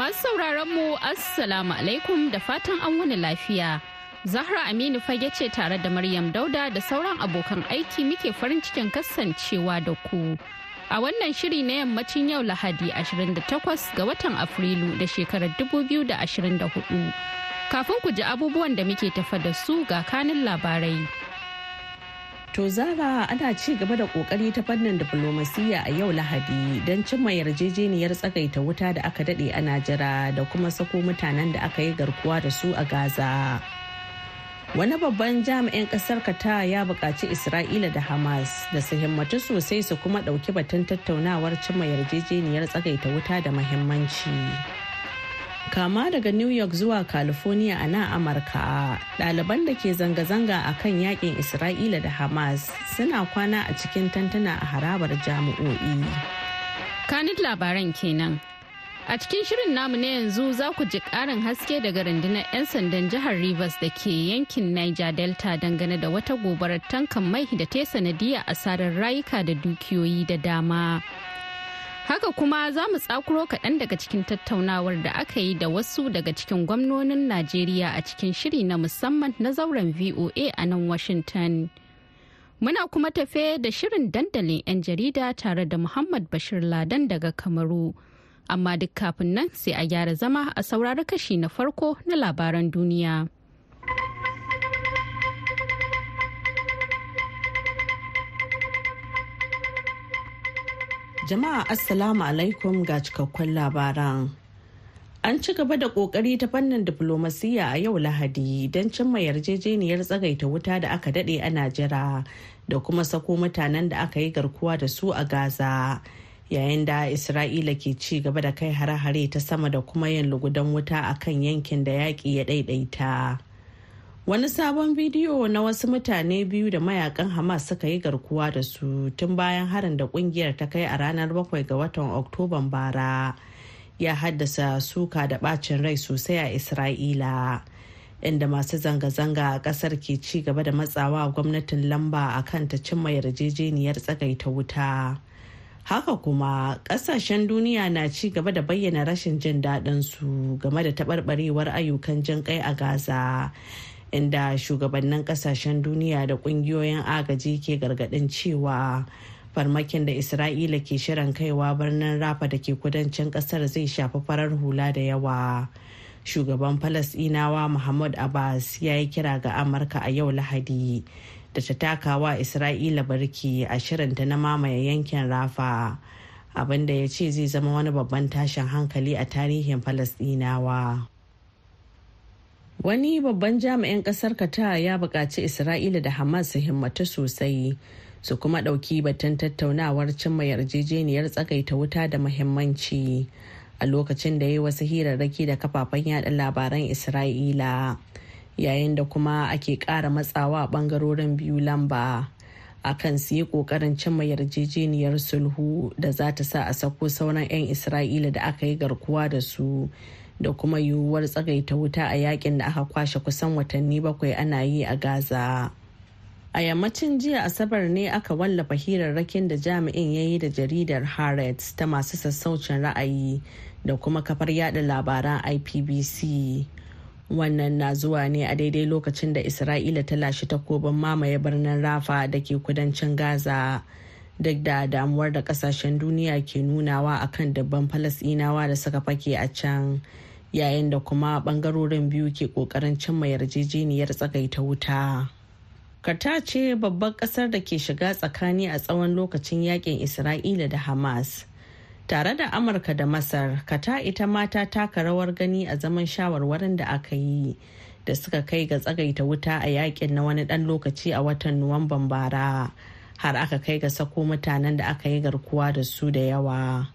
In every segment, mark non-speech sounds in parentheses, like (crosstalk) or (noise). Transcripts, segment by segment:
Masu sauraron mu Assalamu alaikum da fatan an wani lafiya. Zahra Aminu fage ce tare da Maryam Dauda da sauran abokan aiki muke farin cikin kasancewa da ku. A wannan shiri na yammacin yau Lahadi 28 ga watan Afrilu da shekarar 2024. Kafin ku ji abubuwan da muke tafa da su ga kanin labarai. To Zara ana ci gaba da kokari ta fannin diflomasiyya a yau Lahadi don cimma yarjejeniyar tsagaita wuta da aka daɗe a najera da kuma sako mutanen da aka yi garkuwa da su a Gaza. Wani babban jami'in ƙasar kata ya buƙaci Isra'ila da Hamas da su himmatu sosai su kuma ɗauki batun tattaunawar cimma yarjejeniyar tsagaita wuta da muhimmanci. kama daga new york zuwa california a nan amurka ɗaliban da ke zanga-zanga a kan yakin isra'ila da hamas suna kwana a cikin tantana a harabar jami'o'i kanin labaran kenan a cikin shirin namu na yanzu za ku ji ƙarin haske daga rundunar 'yan sandan jihar rivers da ke yankin niger delta dangane da wata gobarar tankan mai da ta sanadiyar asarar rayuka da dukiyoyi da dama Haka kuma za mu tsakuro kaɗan daga cikin tattaunawar da aka yi da wasu daga cikin gwamnonin Najeriya a cikin shiri na musamman na zauren VOA a nan Washington. Muna kuma tafe da shirin dandalin 'yan jarida tare da Muhammad Bashir Ladan daga Kamaru. Amma duk kafin nan sai a gyara zama a saurari kashi na farko na labaran duniya. Jama'a Assalamu alaikum ga cikakkun labaran. An ci gaba da kokari ta fannin diflomasiyya a yau Lahadi don cimma yarjejeniyar tsagaita wuta da aka dade a Najera da kuma sako mutanen da aka yi garkuwa da su a Gaza. Yayin da Isra'ila ke ci gaba da kai hare-hare ta sama da kuma yin lugudan wuta a kan yankin da yaƙi ya ɗaiɗaita. wani sabon bidiyo na wasu mutane biyu da mayakan hamas suka yi garkuwa da su tun bayan harin da kungiyar ta kai a ranar 7 ga watan oktoban bara ya haddasa suka da bacin rai sosai a isra'ila inda masu zanga-zanga a kasar ke ci gaba da matsawa gwamnatin lamba a kan ta cimma yarjejeniyar tsagaita wuta haka kuma kasashen duniya na ci gaba da bayyana rashin jin daɗin game da taɓarɓarewar ayyukan jin kai a gaza inda shugabannin kasashen duniya da kungiyoyin agaji ke gargadin cewa farmakin da isra'ila ke shirin kaiwa birnin rafa da ke kudancin kasar zai shafi farar hula da yawa shugaban falasinawa muhammad abbas ya yi kira ga amurka a yau lahadi da ta takawa isra'ila barki a shirinta na mamaye yankin rafa abinda ya ce zai zama wani babban tashin hankali a tarihin falasinawa Wani babban jami'in ƙasar kata ya buƙaci Isra'ila da Hamas su himmatu sosai su kuma ɗauki batun tattaunawar cimma yarjejeniyar tsagaita wuta da muhimmanci a lokacin da ya yi wasu hirarraki da kafafen yaɗa labaran Isra'ila yayin da kuma ake ƙara matsawa a ɓangarorin biyu lamba a kan su yi ƙoƙarin cimma yarjejeniyar sulhu da za ta sa a sako sauran 'yan Isra'ila da aka yi garkuwa da su. da kuma yiwuwar tsagaita wuta a yakin da aka kwashe kusan watanni bakwai ana yi a gaza a yammacin jiya asabar ne aka wallafa hirarrakin da jami'in ya yi da jaridar harrods ta masu sassaucin ra'ayi da kuma kafar yada labaran ipbc wannan na zuwa ne a daidai lokacin da isra'ila ta lashe takobin mamaye birnin rafa da ke kudancin gaza duk da damuwar da kasashen duniya ke nunawa akan dabban falasinawa da suka fake a can yayin da kuma bangarorin biyu ke kokarin cimma yarjejeniyar tsagaita wuta Kata ce babbar kasar da ke shiga tsakani a tsawon lokacin yakin Isra'ila da Hamas. Tare da Amurka da Masar, Kata ita mata taka rawar gani a zaman shawarwarin da aka yi da suka kai ga tsagaita wuta a yakin na wani ɗan lokaci a watan Nuwamban bara, har aka kai ga sako mutanen da aka yi garkuwa da su da yawa.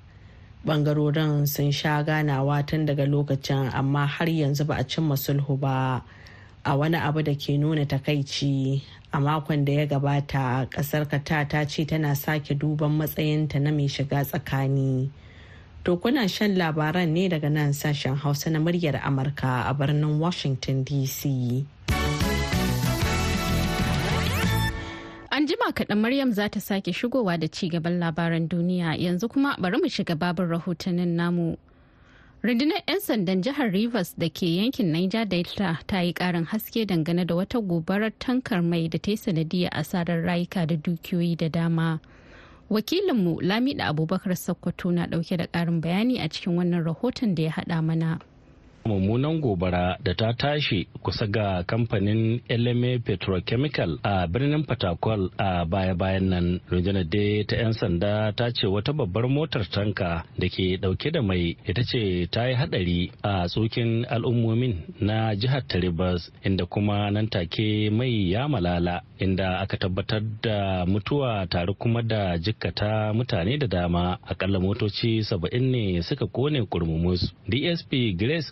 bangarorin sun sha ganawa tun daga lokacin amma har yanzu ba a cimma sulhu ba a wani abu da ke nuna takaici a makon da ya gabata kasar kata ta ce tana sake duban matsayinta na mai shiga tsakani to kuna shan labaran ne daga nan sashen hausa na muryar amurka a birnin washington dc An jima kaɗan Maryam za ta sake shigowa da ci gaban labaran duniya yanzu kuma bari mu shiga babin rahotannin namu. Rundunar 'yan sandan jihar Rivers da ke yankin Niger Delta ta yi ƙarin haske dangane da wata gobarar tankar mai da ta yi a asarar rayuka da dukiyoyi da dama. Wakilinmu Lamida Abubakar Sokoto na ɗauke da ƙarin bayani a cikin wannan rahoton da ya haɗa mana. mummunan gobara da ta tashi kusa ga kamfanin LMA Petrochemical a birnin Fatakwal a baya-bayan nan. Rundunar da ta 'yan sanda ta ce wata babbar motar tanka da ke dauke da mai ita ce ta yi hadari a tsokin al'ummomin na jihar Taribas inda kuma nan take mai ya malala inda aka tabbatar da mutuwa tare kuma da jikkata mutane da dama akalla motoci saba'in ne suka kone kurmumus. DSP Grace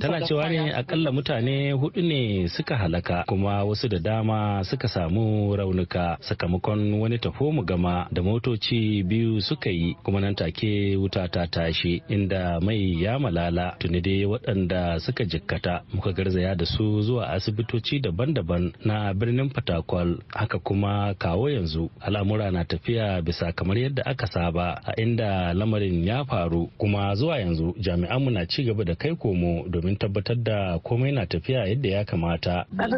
Tana cewa ne akalla mutane hudu ne suka halaka kuma wasu da dama suka samu raunuka sakamakon wani tafo mu gama da motoci biyu suka yi kuma nan take wuta ta tashi inda mai ya malala tuni dai waɗanda suka jikkata muka garzaya da su zuwa asibitoci daban-daban na birnin fatakwal haka kuma kawo yanzu al'amura na tafiya bisa kamar yadda aka saba a inda lamarin ya faru kuma zuwa yanzu jami'an jami'anmu na ci gaba da kai komo domin tabbatar da komai na tafiya yadda ya kamata. Uh,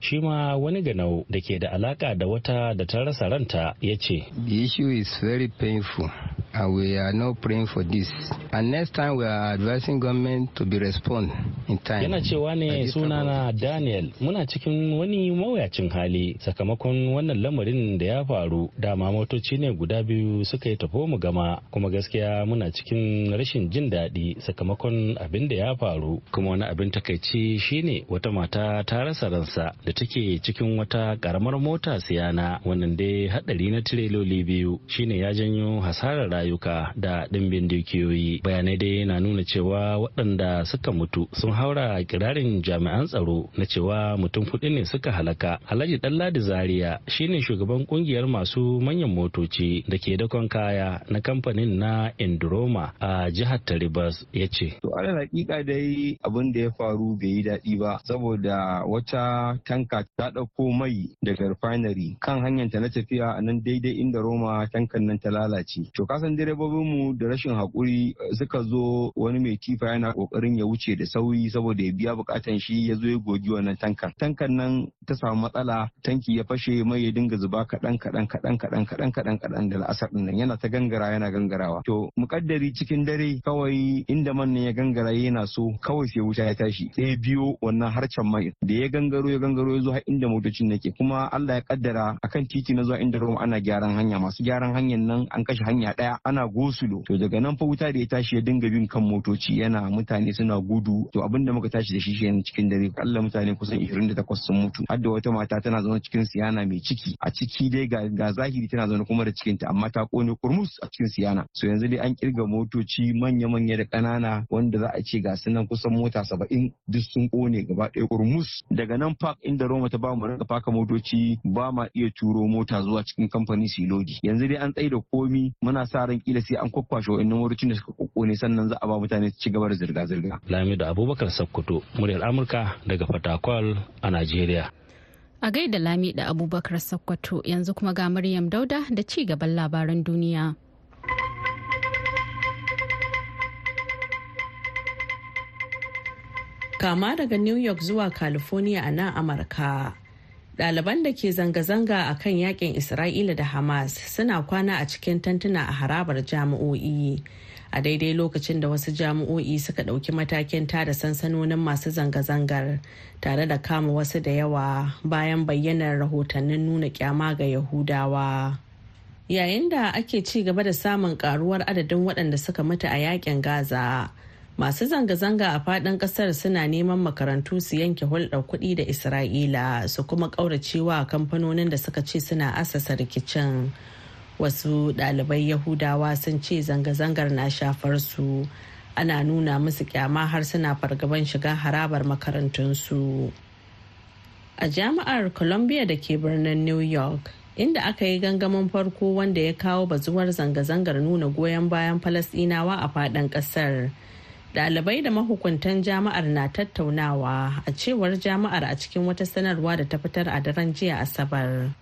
Shi ma wani ganau da ke da alaka da wata da ta rasa ranta ya ce. The issue is very painful. and we are not praying for this. And next time we are advising government to be respond in time. Yana cewa ne sunana Daniel muna cikin wani mawuyacin hali sakamakon wannan lamarin da ya faru dama motoci ne guda biyu suka kai mu gama kuma gaskiya muna cikin rashin jin daɗi sakamakon abin da ya faru kuma wani abin takaici shine wata mata ta rasa ransa da take cikin wata karamar mota siyana wannan dai haɗari na tireloli biyu shine ya janyo hasarar rayuka da dimbin dukiyoyi bayanai dai na nuna cewa waɗanda suka mutu sun haura kirarin jami'an tsaro na cewa mutum kuɗi ne suka halaka alhaji ɗanladi zaria shine shugaban kungiyar masu manyan motoci da ke dakon kaya na kamfanin na Indroma a jihar Taribas ya ce. To ala hakika dai abin da ya faru bai yi daɗi ba saboda wata tanka ta ɗauko mai daga refinery kan hanyarta na tafiya a nan daidai inda Roma tankan nan ta lalace. To kasan direbobinmu da rashin haƙuri eh, suka zo wani mai tifa yana ƙoƙarin ya wuce da sauyi saboda ya biya buƙatan shi ya zo ya gogi wannan tankan. Tankan nan ta samu matsala tanki ya fashe mai ya dinga zuba kaɗan kaɗan kaɗan kaɗan kaɗan kaɗan kaɗan da la'asar ɗin nan yana ta gangara yana gangarawa to mukaddari cikin dare kawai inda man ya gangara yana so kawai sai wuta ya tashi sai biyo wannan harcen mai da ya gangaro ya gangaro ya zo har inda motocin nake kuma Allah ya kaddara akan titi na zuwa inda Roma ana gyaran hanya masu gyaran hanyar nan an kashe hanya daya ana gosulo to daga nan fa wuta da ya tashi ya dinga bin kan motoci yana mutane suna gudu to abinda muka tashi da shi shi cikin dare Allah mutane kusan 28 sun mutu har da wata mata tana zaune cikin siyana mai ciki a ciki dai ga zahiri tana zaune kuma da cikinta amma ta kone kurmus a cikin siyana so yanzu dai an kirga motoci manya-manya da kanana wanda za a ce ga sunan kusan mota saba'in duk sun kone gaba ɗaya kurmus daga nan park inda roma ta bamu rinka faka motoci ba ma iya turo mota zuwa cikin kamfani su lodi yanzu dai an tsaye da komi muna sa ran kila sai an kwakwashe wa'annan motocin da suka kokone sannan za a ba mutane su ci gaba da zirga-zirga lamido abubakar sakkwato muryar amurka daga fatakwal a najeriya A gaida Lami da Abubakar Sokoto yanzu kuma ga Maryam Dauda da ci gaban labaran duniya. Kama daga New York zuwa California a nan Amurka. Ɗaliban da ke zanga-zanga a kan yakin Isra'ila da Hamas suna kwana a cikin tantuna a harabar jami'o'i. a daidai lokacin da wasu jami'o'i suka ɗauki matakin tada sansanonin masu zanga-zangar tare da kama wasu da yawa bayan bayyanar rahotannin nuna kyama ga yahudawa yayin da ake ci gaba da samun karuwar adadin waɗanda suka mutu a yakin gaza masu zanga-zanga a faɗin ƙasar suna neman makarantu su yanke hulɗar kuɗi da isra'ila su kuma ƙauracewa kamfanonin da suka ce suna asasa rikicin. wasu ɗalibai yahudawa sun ce zanga-zangar na shafar su ana nuna musu kyama har suna fargaban shiga harabar makarantunsu a jami'ar columbia da ke birnin new york inda aka yi gangamin farko wanda ya kawo bazuwar zanga-zangar nuna goyon bayan falasɗinawa a faɗin ƙasar ɗalibai da mahukuntan jami'ar na tattaunawa a cewar jami'ar a cikin wata sanarwa da ta fitar a daren jiya asabar.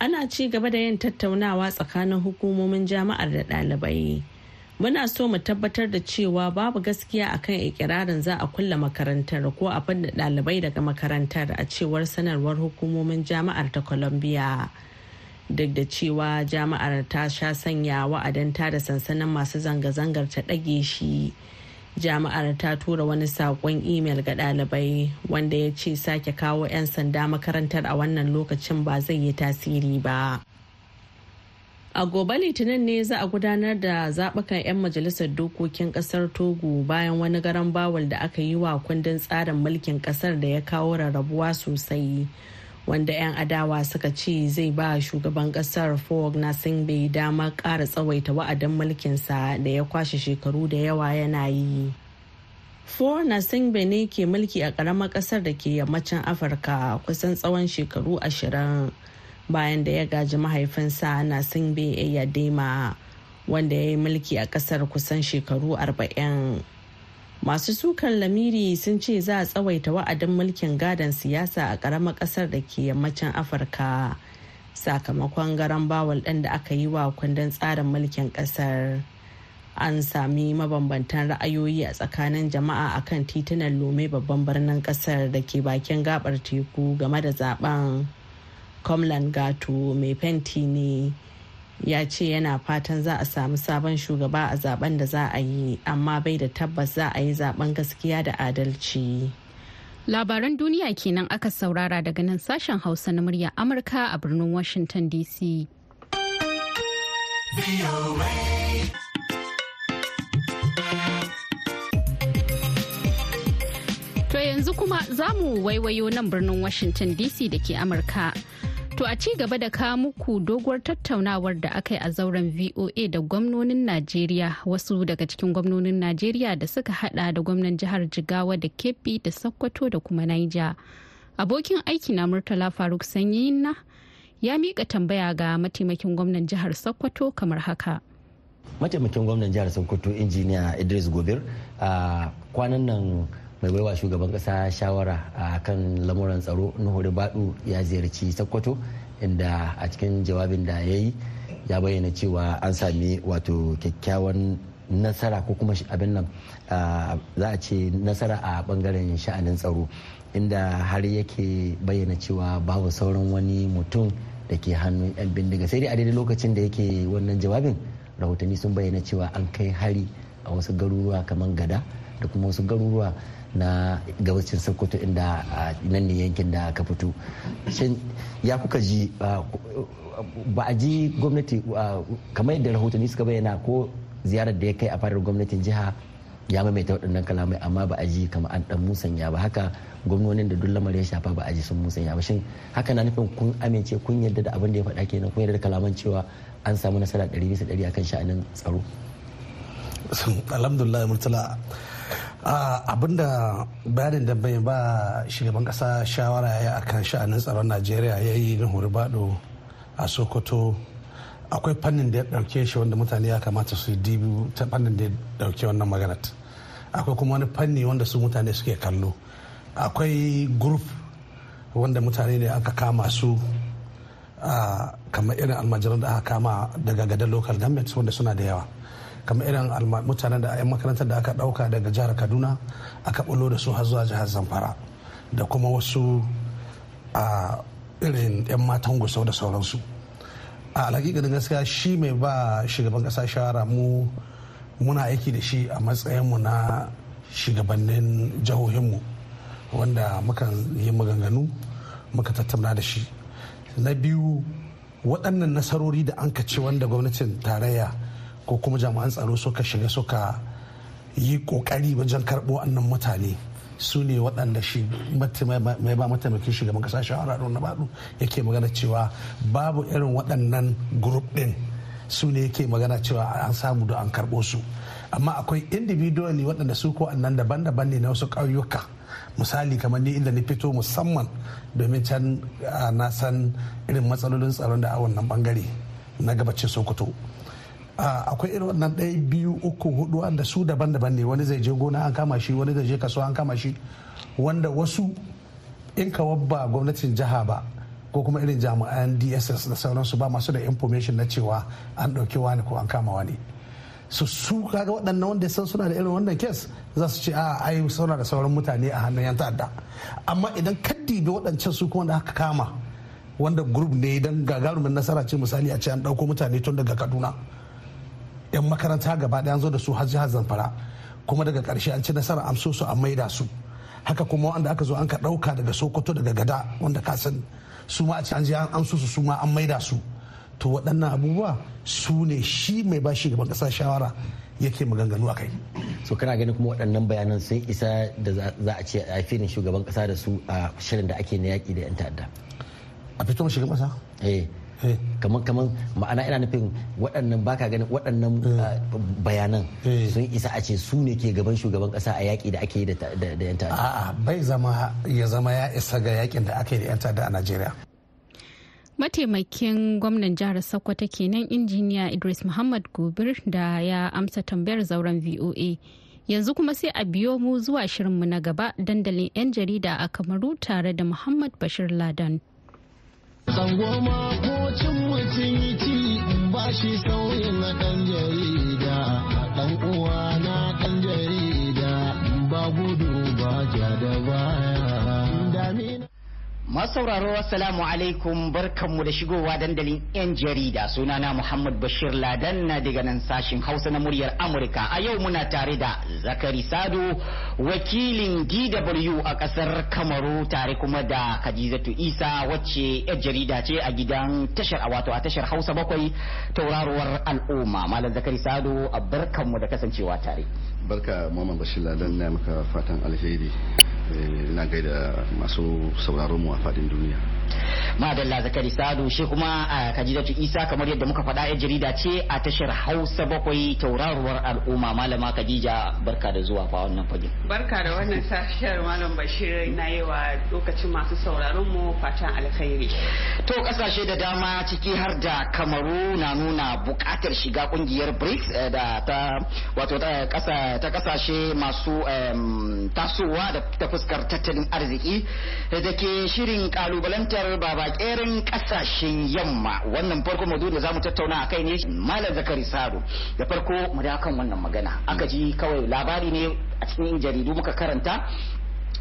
ana ci gaba da yin tattaunawa tsakanin hukumomin jama'ar da ɗalibai muna so mu tabbatar da cewa babu gaskiya akan ikirarin za a kulle makarantar ko a fadda ɗalibai daga makarantar a cewar sanarwar hukumomin jama'ar ta columbia duk da cewa jama'ar ta sha sanya wa'adanta da sansanin masu zanga-zangar ta ɗage shi jami'ar ta tura wani saƙon imel ga ɗalibai wanda ya ce sake kawo 'yan sanda makarantar a wannan lokacin ba zai yi tasiri ba a gobe litinin ne za a gudanar da zaɓukan 'yan majalisar dokokin ƙasar togo bayan wani garan bawal da aka yi wa kundin tsarin mulkin ƙasar da ya kawo rarrabuwa sosai wanda 'yan adawa suka ce zai ba shugaban kasar na singbe damar ƙara tsawaita wa'adin mulkinsa da ya kwashe shekaru da yawa yana yi na singbe ne ke mulki a ƙaramar ƙasar da ke yammacin Afirka kusan tsawon shekaru ashirin bayan da ya gaji mahaifinsa ya dema wanda ya yi mulki a ƙasar kusan shekaru arba'in. masu sukan lamiri sun ce za a tsawaita wa'adin mulkin gadon siyasa a ƙaramar ƙasar da ke yammacin afirka sakamakon garan bawal ɗin da aka yi wa kundin tsarin mulkin ƙasar an sami mabambantan ra'ayoyi a tsakanin jama'a a kan titunan lome babban birnin ƙasar da ke bakin gabar teku game da zaben Comland gato mai fenti ne ya ce yana fatan za a samu sabon shugaba a zaben da za a yi amma bai da tabbas za a yi zaben gaskiya da adalci labaran duniya kenan aka saurara daga nan sashen hausa na murya amurka a birnin washington dc To yanzu kuma za mu waiwayo nan birnin Washington DC da ke Amurka. To a ci gaba da kawo muku doguwar tattaunawar da aka yi a zauren VOA da gwamnonin Najeriya wasu daga cikin gwamnonin Najeriya da suka hada da gwamnan jihar Jigawa da Kebbi da Sokoto da kuma Niger. Abokin aiki na Murtala Faruk Sanyina ya mika tambaya ga mataimakin gwamnan jihar Sokoto kamar haka. Mataimakin gwamnan jihar Sokoto injiniya Idris Gobir a kwanan nan mai baiwa shugaban kasa shawara a kan lamuran tsaro nuhuri badu ya ziyarci sokoto inda a cikin jawabin da ya yi ya bayyana cewa an sami wato kyakkyawan nasara ko kuma abin nan za a ce nasara a bangaren sha'anin tsaro inda har yake bayyana cewa babu sauran wani mutum da ke hannun 'yan bindiga sai dai a daidai lokacin da yake wannan jawabin rahotanni sun bayyana cewa an kai hari a wasu garuruwa kamar gada da kuma wasu garuruwa na gabacin sokoto inda nan ne yankin da ka fito shin ya kuka ji ba a ji gwamnati kamar yadda rahotanni suka bayyana ko ziyarar da ya kai a fadar gwamnatin jiha ya maimaita waɗannan kalamai amma ba a ji kama an ɗan musanya ba haka gwamnonin da duk lamarin ya shafa ba a ji sun musanya ba shin haka na nufin kun amince kun yarda da abin da ya faɗa kenan kun yarda da kalaman cewa an samu nasara ɗari bisa ɗari akan sha'anin tsaro alhamdulillah murtala Abin da bayanin da ya ba shugaban kasa shawara ya yi a kan sha'anin tsaron najeriya ya yi na horibado a sokoto akwai fannin da ya dauke shi wanda mutane ya kamata su dibi ta fannin da ya dauke wannan maganat akwai kuma wani fanni wanda su mutane suke kallo akwai group wanda mutane ne aka kama su kamar irin almajiran da aka kama daga gadar local government wanda suna da yawa kamar irin mutanen da 'yan makarantar da aka dauka daga jihar kaduna aka bulo da su har zuwa jihar zamfara da kuma wasu a irin 'yan matan gusau da sauransu a alhakikanin gaskiya shi mai ba shugaban kasa shawara mu muna aiki da shi a matsayinmu na shugabannin jihohinmu wanda muka yi maganganu muka tattauna da shi na biyu waɗannan nasarori da an ce wanda gwamnatin tarayya ko kuma jami'an tsaro suka shiga suka yi kokari wajen karɓo annan mutane su ne waɗanda shi mai ba mataimakin shugaban ƙasa a don na baɗu yake magana cewa babu irin waɗannan group ɗin su ne yake magana cewa an samu da an karɓo su amma akwai individually waɗanda su ko annan daban-daban ne na wasu ƙauyuka misali kamar ni inda ni fito musamman domin can ah, na san irin matsalolin tsaron da a wannan bangare na gabacin sokoto Ah, akwai irin wannan ɗaya biyu uku hudu wanda su daban-daban ne wani zai je gona an kama shi wani zai je kasuwa an kama shi wanda wasu in kawar ba gwamnatin jiha ba ko kuma irin jami'an dss da sauransu ba masu da information na cewa an ɗauki wani ko an kama wani su su kaga waɗannan wanda san suna da irin wannan kes za su ce a ah, ai sauna da sauran mutane a hannun yan ta'adda amma idan kaddi da waɗancan su kuma da aka kama wanda group ne dan gagarumin nasara ce misali a ce an ɗauko mutane tun daga kaduna 'yan makaranta gaba ɗaya zo da su har jihar zamfara kuma daga ƙarshe an ci nasara amso su a maida su haka kuma wanda aka zo an ka ɗauka daga sokoto daga gada wanda ka san su ma a ci an je an amso su su ma an maida su to waɗannan abubuwa su ne shi mai bashi gaban ƙasa shawara yake maganganu a kai so kana ganin kuma waɗannan bayanan sun isa da za a ce a filin shugaban ƙasa da su a shirin da ake na yaƙi da 'yan ta'adda a fito shugaban ƙasa eh kamar eh. kamar ma'ana ina nufin waɗannan baka ganin waɗannan eh. ah, bayanan eh. sun isa a ce su ne ke gaban shugaban kasa a yaƙi da ake yi da yan ta'adda a'a bai zama ya zama ya isa ga yaƙin da ake yi da yan ta'adda a Najeriya mataimakin gwamnan jihar sokoto kenan injiniya idris muhammad gobir da ya amsa tambayar zauren voa yanzu kuma sai a biyo mu zuwa shirinmu na gaba dandalin 'yan jarida a kamaru tare da muhammad bashir ladan Sango makocin mutum yi ba shi sauyin na ɗan jarida, ɗan uwa na ɗan jarida, ba gudu ba ja da baya. masauraro assalamu alaikum barkanmu da shigowa dandalin 'yan jarida sunana muhammad bashir ladan na daga nan sashin hausa na muryar amurka a yau muna tare da zakari sado wakilin dw a kasar kamaru tare kuma da khadijatu isa wacce 'yan jarida ce a gidan tashar wato a tashar hausa bakwai tauraruwar al'umma malam zakari sado a barkanmu da kasancewa tare barka Muhammad Bashir Ladan na maka fatan alheri eh, ina gaida masu sauraron mu a fadin duniya madalla zakari sadu shi kuma a kajidatu isa kamar yadda muka faɗa yan jarida ce a tashar hausa bakwai tauraruwar al'umma malama kadija barka da zuwa fa wannan fage barka da wannan tashar malam bashir na yi wa lokacin masu sauraron mu fatan alkhairi to kasashe da dama ciki har da kamaru na nuna bukatar shiga kungiyar brics eh, da ta wato ta kasa Eh, ta kasashe masu tasowa da fuskar tattalin arziki da ke shirin kalubalantar babakerin kasashen yamma wannan farko mu da zamu tattauna a kai ne malam zakari saro da farko mu da kan wannan magana aka ji kawai labari ne a cikin jaridu muka karanta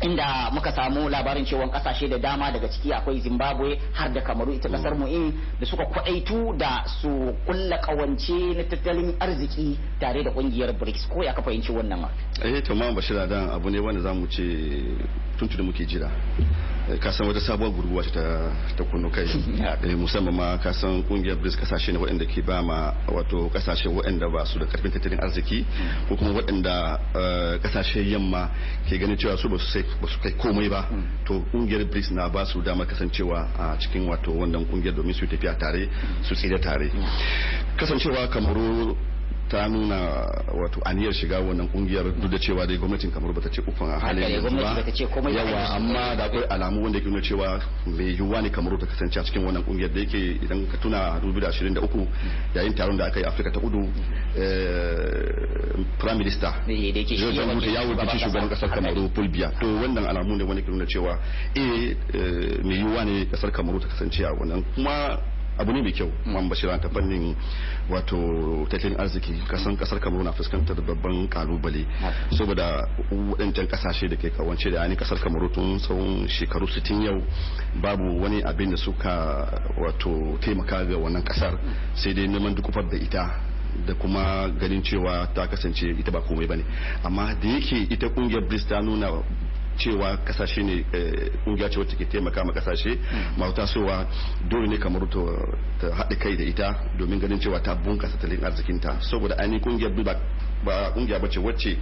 inda muka samu labarin cewa kasashe da dama daga ciki akwai zimbabwe har da kamaru ita kasar mu in da suka kwadaitu da su kulla kawance na tattalin arziki tare da kungiyar brics ko ya ka fahimci wannan ma eh to ma bashira dan abu ne wanda zamu ce da muke jira Kasan san wata sabuwar gurguwa ta ta kunu kai (laughs) eh, musamman ma kasan kungiyar bris kasashe ne waɗanda ke ba ma wato kasashe waɗanda ba su da karfin tattalin arziki ko kuma waɗanda kasashe eh, yamma ke ganin cewa su ba su kai komai ba hmm. to kungiyar bris na ba su damar kasancewa a cikin wato wannan kungiyar domin su tafiya tare su tsira tare hmm. kasancewa kamaru ta nuna wato aniyar shiga wannan kungiyar duk da cewa dai gwamnatin kamar bata ce ufan a halin yanzu ba yawa amma da akwai alamu wanda ke nuna cewa mai yiwuwa ne kamar ta kasance a cikin wannan kungiyar da yake idan ka tuna 2023 yayin taron da aka yi afirka ta kudu eh, prime minister jirgin wuta ya wakilci shugaban kasar kamaru fulbiya to wannan alamu ne wanda ke nuna cewa eh, eh mai yiwuwa ne kasar kamaru ta kasance a wannan kuma abu ne mai kyau man bashira ta fannin wato tattalin arziki kasan kasar kamaru na fuskantar babban kalubale saboda wadancan kasashe da ke kawance da yani kasar kamaru tun tsawon shekaru 60 yau babu wani abin da suka wato taimaka ga wannan kasar sai dai neman dukufar da ita da kuma ganin cewa ta kasance ita ba komai bane amma da yake ita kungiyar brics ta nuna cewa kasashe ne eh, kungiya ce wacce ke taimaka ma kasashe masu tasowa dole ne kamar ta haɗa kai da ita domin ganin cewa ta bunkasa tattalin arzikinta saboda ainihin kungiyar ba kungiya bace wacce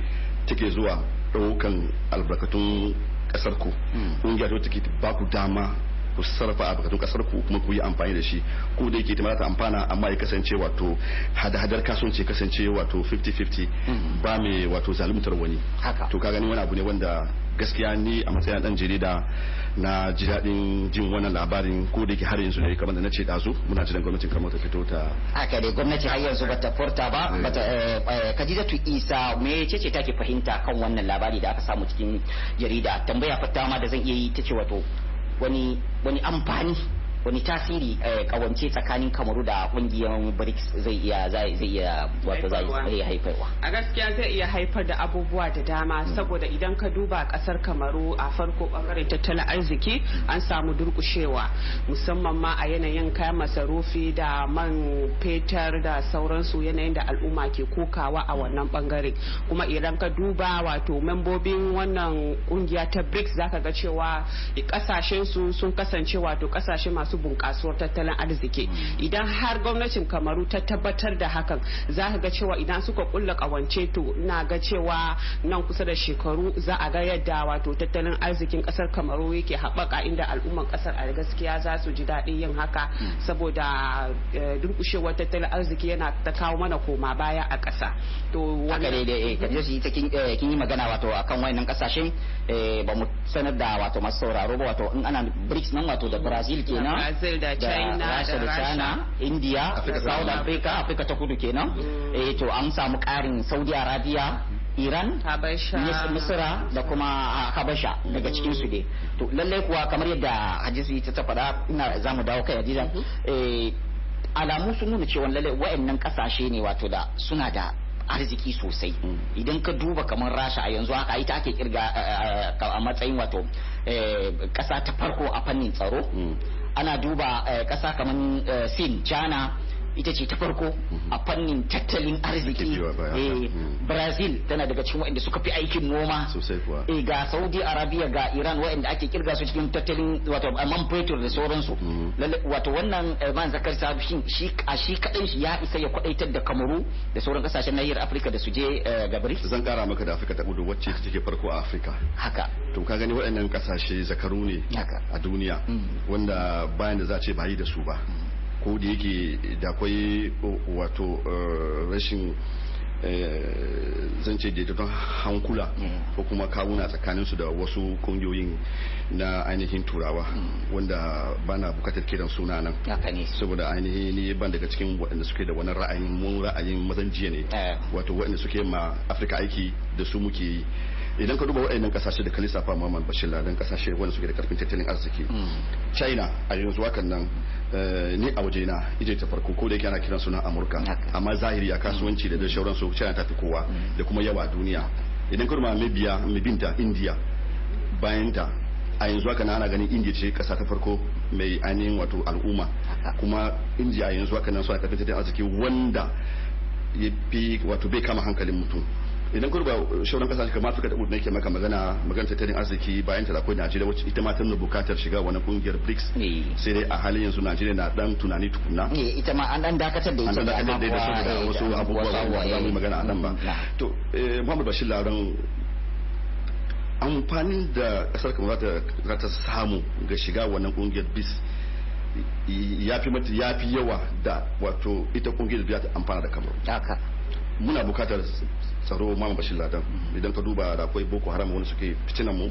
take zuwa ɗaukan albarkatun kasar ku kungiya ce ke ba ku dama ku sarrafa albarkatun kasar ku kuma ku yi amfani da shi ko da yake ta ta amfana amma ya kasance wato hada-hadar kasance kasance wato 50-50 mm. ba mai wato zaluntar wani to ka gani wani abu ne wanda gaskiya ni a matsayin dan jarida na ji daɗin jin wannan labarin ko da yake har yanzu ne kamar da na ce ɗazu muna jiran gwamnatin kamar ta fito ta haka dai gwamnati har yanzu bata furta ba eh. bata eh, eh, kadijatu isa me ce ce take fahimta kan wannan labari da aka samu cikin jarida tambaya fata ma da zan iya yi ta ce wato wani wani amfani wani tasiri eh, kawance tsakanin kamaru da kungiyar brics zai iya zai iya wato zai haifarwa a gaskiya zai iya haifar da abubuwa da dama hmm. saboda idan ka duba kasar kamaru a farko bangaren tattalin arziki an samu durkushewa musamman ma a yanayin kayan masarufi da man fetur da sauransu yanayin da al'umma ke kokawa a wannan bangare kuma idan ka duba wato membobin wannan kungiya ta brics zaka ga cewa kasashen su sun kasance wato kasashe masu su bunƙasuwar tattalin arziki hmm. idan har gwamnatin kamaru ta tabbatar da hakan za ka ga cewa idan suka kulla kawance to na ga cewa nan kusa da shekaru za a ga yadda wato tattalin arzikin kasar kamaru yake haɓaka inda al'umman kasar a gaskiya za su ji daɗin yin haka hmm. saboda eh, durkushewar tattalin arziki yana ta kawo mana koma baya a ƙasa to wannan ne da kin yi magana wato akan wayannan kasashen eh, ba mu sanar da wato masu sauraro ba wato in ana BRICS nan wato da Brazil kenan brazil da china da rasha india da south africa africa ta kudu kenan mm. eh to an samu karin saudi arabia Iran, Habasha, Misra da kuma ah, Habasha daga cikin su dai. To lallai kuwa kamar yadda hadisi ta ta faɗa ina za mu dawo kai mm-hmm. eh Alamu sun nuna cewa lallai wayannan kasashe ne wato da suna da arziki sosai mm. idan ka duba kamar rasha a yanzu haka ita ake kirga eh, eh, a matsayin wato kasa eh, ta farko a fannin tsaro mm. ana duba kasa eh, kamar eh, sin china ita ce ta farko mhm. a fannin tattalin arziki eh, hmm. brazil tana daga cikin waɗanda suka fi aikin noma eh, ga saudi arabia ga iran waɗanda ake kirga su cikin tattalin wato man fetur da sauransu hmm. wato wannan eh, man zakar sabishin a shi kaɗai shi ya isa ya kwaɗaitar da kamaru da sauran kasashen nahiyar afirka da su je gabari zan kara maka da afirka ta kudu wacce ke farko a afirka haka to ka gani waɗannan kasashe zakaru ne a duniya hmm. wanda bayan da za a ce bayi da su ba ko da yake da akwai wato eh, rashin eh, zance daidaiton hankula mm. ko kuma kawuna su da wasu kungiyoyin na ainihin turawa mm. wanda ba na bukatar kiran suna nan saboda ainihin ne ban daga cikin waɗanda suke da wani ra'ayin mun ra'ayin mazan jiya ne eh. wato waɗanda suke ma afirka aiki da su muke yi idan ka duba waɗannan kasashe da ka lissafa ma bashir ladan kasashe wanda suke da karfin tattalin arziki hmm. china a yanzu hakan nan eh, ni a waje na ije ta farko ko da yake ana kiran suna amurka amma zahiri a kasuwanci da da su china ta fi kowa hmm. da kuma yawa a duniya idan ka duba mabiya mabinta india bayan ta a yanzu haka ana ganin india ce kasa ta farko mai ainihin wato al'umma kuma indiya a yanzu haka nan suna karfin tattalin arziki wanda ya fi wato bai kama hankalin mutum idan kurba shauran kasashe kamar Afirka da Urdu umm nake maka magana magana tattalin arziki bayan ta dakon Najeriya wacce ita ma tana bukatar shiga wani kungiyar BRICS eh. sai dai a halin yanzu Najeriya na dan tunani tukuna eh, ita ma an dan dakatar da ita an dakatar da saboda wasu abubuwa ba za mu magana nan ba to eh, Muhammad Bashir Laron amfanin da kasar kamar za ta samu ga shiga wannan kungiyar BRICS ya fi yawa da wato ita kungiyar biya ta amfana da kamar muna bukatar tsaro mama bashir ladan idan ka duba da akwai boko haram wani suke fitinan mu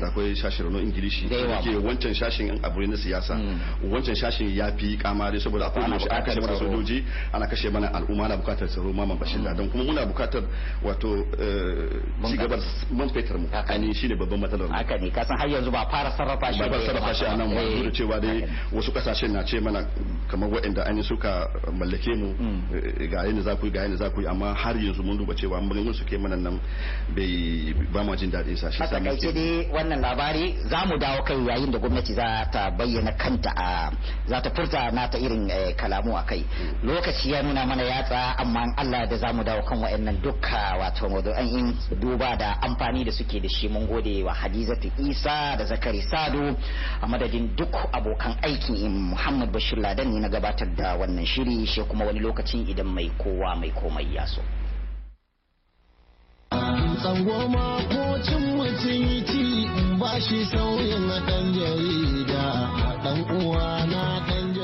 da akwai shashi rano ingilishi da ke wancan shashin yan abu na siyasa hmm. wancan shashin ya fi kamari saboda akwai ana shi aka mana sojoji ana kashe mana al'umma na bukatar tsaro mama bashir hmm. ladan kuma muna bukatar wato eh, cigabar man fetur mu ne shine babban matsalar Aka haka ne kasan har yanzu ba fara sarrafa shi ba sarrafa shi a nan ba eh. cewa dai wasu kasashen na ce mana kamar waɗanda an yi suka mallake mu mm. eh, ga yadda za ku yi ga yadda za ku yi amma har yanzu mun duba cewa maganganun su ke mana nan bai ba ma jin daɗin sa shi a dai wannan labari za mu dawo kai yayin da gwamnati za ta bayyana kanta a za ta furta na ta irin eh, kalamu a kai mm. lokaci ya nuna mana yatsa amma Allah da za mu dawo kan waɗannan dukka wato an in duba da amfani da suke da shi mun gode wa Hadizatu Isa da Zakari Sadu. a madadin duk abokan aikin Muhammad Bashir Ladan na gabatar da wannan shiri shi kuma wani lokacin idan mai kowa mai komai ya so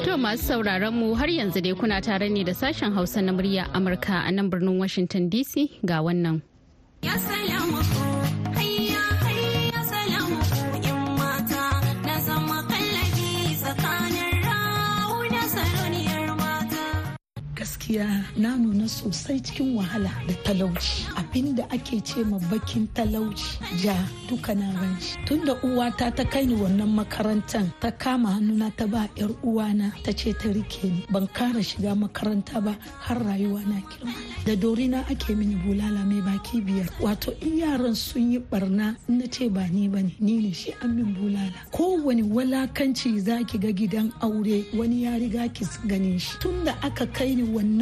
To masu sauraron mu har yanzu dai kuna tare ne da sashen Hausa na murya Amurka a nan birnin Washington DC ga wannan. Ya gaskiya na nuna sosai cikin wahala da talauci abinda ake ce ma bakin talauci ja duka na ranci tunda uwata ta kai ni wannan makarantar ta kama hannuna ta ba yar uwana ta ce ta rike ni ban kara shiga makaranta ba har rayuwa na girma da dorina ake mini bulala mai baki biyar wato in yaran sun yi barna in na ce ba ni bane ni ne shi an min bulala kowane walakanci zaki ga gidan aure wani ya riga ki ganin shi tunda aka kai ni wannan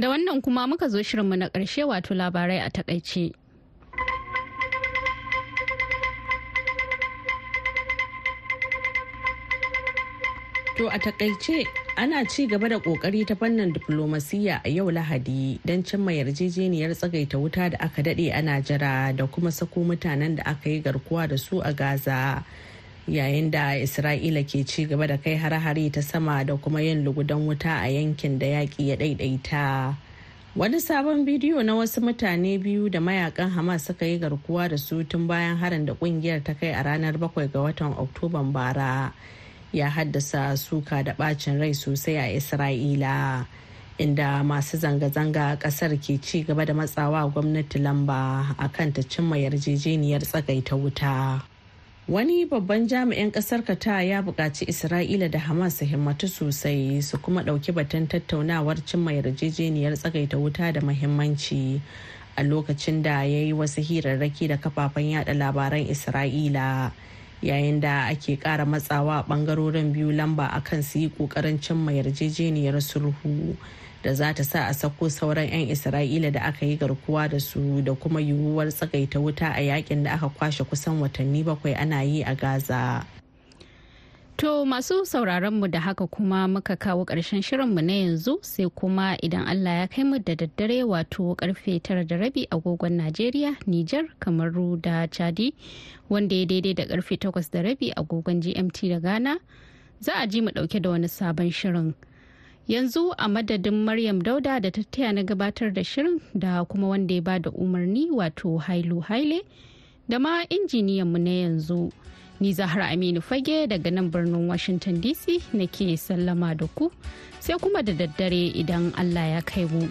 Da wannan kuma muka zo shirinmu na ƙarshe wato labarai a takaice. To a takaice ana ci gaba da kokari ta fannin diflomasiyya a yau lahadi don cimma yarjejeniyar tsagaita wuta da aka dade ana jira da kuma sako mutanen da aka yi garkuwa da su a Gaza. yayin da isra'ila ke ci gaba da kai hare-hare ta sama da kuma yin lugudan wuta a yankin da yaƙi ya ɗaiɗaita wani sabon bidiyo na wasu mutane biyu da mayakan hamas suka yi garkuwa da su tun bayan harin da ƙungiyar ta kai a ranar 7 ga watan oktoban bara ya haddasa suka da bacin rai sosai a isra'ila inda masu zanga-zanga a kasar ke ci gaba da matsawa gwamnati lamba akan ta cimma yarjejeniyar tsagaita wuta wani babban jami'in kasar kata ya buƙaci isra'ila da hamas su himmatu sosai su kuma ɗauki batun tattaunawar cimma yarjejeniyar tsagaita wuta da mahimmanci a lokacin da ya yi wasu hirarraki da kafafen yada labaran isra'ila yayin da ake ƙara matsawa a ɓangarorin biyu lamba akan su yi ƙoƙarin cimma yarjejeniyar sulhu da za ta sa a sako sauran 'yan isra'ila da aka yi garkuwa da su da kuma yiwuwar tsagaita wuta a yakin da aka kwashe kusan watanni bakwai ana yi a gaza To masu sauraronmu da haka kuma muka kawo ƙarshen shirinmu na yanzu sai kuma idan Allah ya kai mu da daddare wato karfe tara da rabi agogon Najeriya, Nijar, Kamaru da Chadi wanda ya daidai da karfe takwas da rabi agogon GMT da Ghana za a ji mu ɗauke da wani sabon shirin. yanzu a madadin maryam dauda da ta taya na gabatar da shirin da kuma wanda ya bada umarni wato hailu haile da ma injiniyan mu na yanzu ni zahar aminu fage daga nan birnin washington dc nake sallama da ku sai kuma da daddare idan allah ya kai mu.